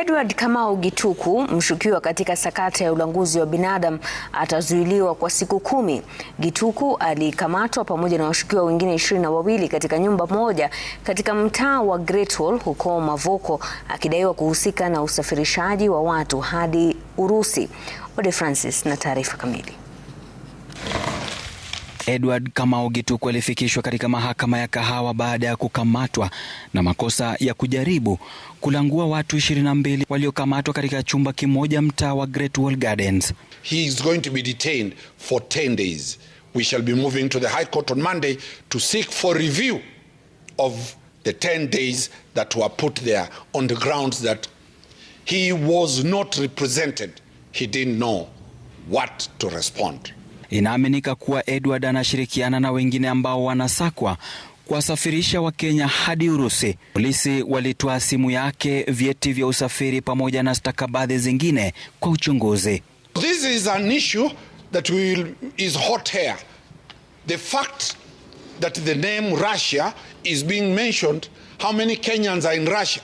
Edward Kamau Gituku, mshukiwa katika sakata ya ulanguzi wa binadamu, atazuiliwa kwa siku kumi. Gituku alikamatwa pamoja na washukiwa wengine ishirini na wawili katika nyumba moja katika mtaa wa Great Wall huko Mavoko, akidaiwa kuhusika na usafirishaji wa watu hadi Urusi. Ode Francis na taarifa kamili. Edward Kamau Gituku alifikishwa katika mahakama ya Kahawa baada ya kukamatwa na makosa ya kujaribu kulangua watu 22 waliokamatwa katika chumba kimoja mtaa wa Great Wall Gardens. He is going to be detained for 10 days. We shall be moving to the High Court on Monday to seek for review of the 10 days that were put there on the grounds that he was not represented. He didn't know what to respond. to. Inaaminika kuwa Edward anashirikiana na wengine ambao wanasakwa kuwasafirisha Wakenya hadi Urusi. Polisi walitoa simu yake, vyeti vya usafiri pamoja na stakabadhi zingine kwa uchunguzi. This is an issue that will, is hot The fact that the name Russia is being mentioned, how many Kenyans are in Russia?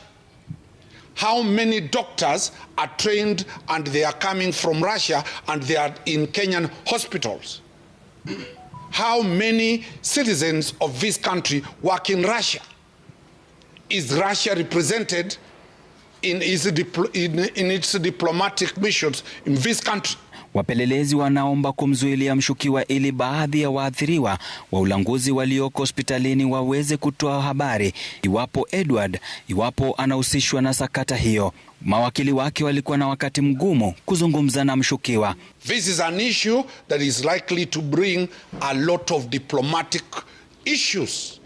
how many doctors are trained and they are coming from Russia and they are in Kenyan hospitals? How many citizens of this country work in Russia? Is Russia represented in its, in, in its diplomatic missions in this country? Wapelelezi wanaomba kumzuilia mshukiwa ili baadhi ya waathiriwa wa ulanguzi walioko hospitalini waweze kutoa habari iwapo Edward iwapo anahusishwa na sakata hiyo. Mawakili wake walikuwa na wakati mgumu kuzungumza na mshukiwa. This is an issue that is likely to bring a lot of diplomatic issues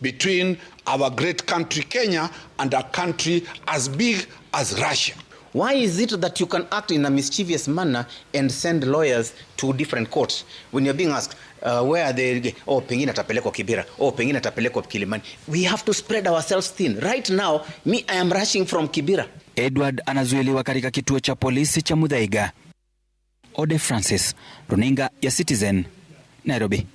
between our great country Kenya and a country as big as Russia. Why is it that you can act in a mischievous manner and send lawyers to different courts when you're being asked uh, where are they oh pengine atapelekwa Kibera oh pengine atapelekwa Kilimani we have to spread ourselves thin right now me I am rushing from Kibera Edward anazuiliwa katika kituo cha polisi cha Mudhaiga Ode Francis runinga ya Citizen Nairobi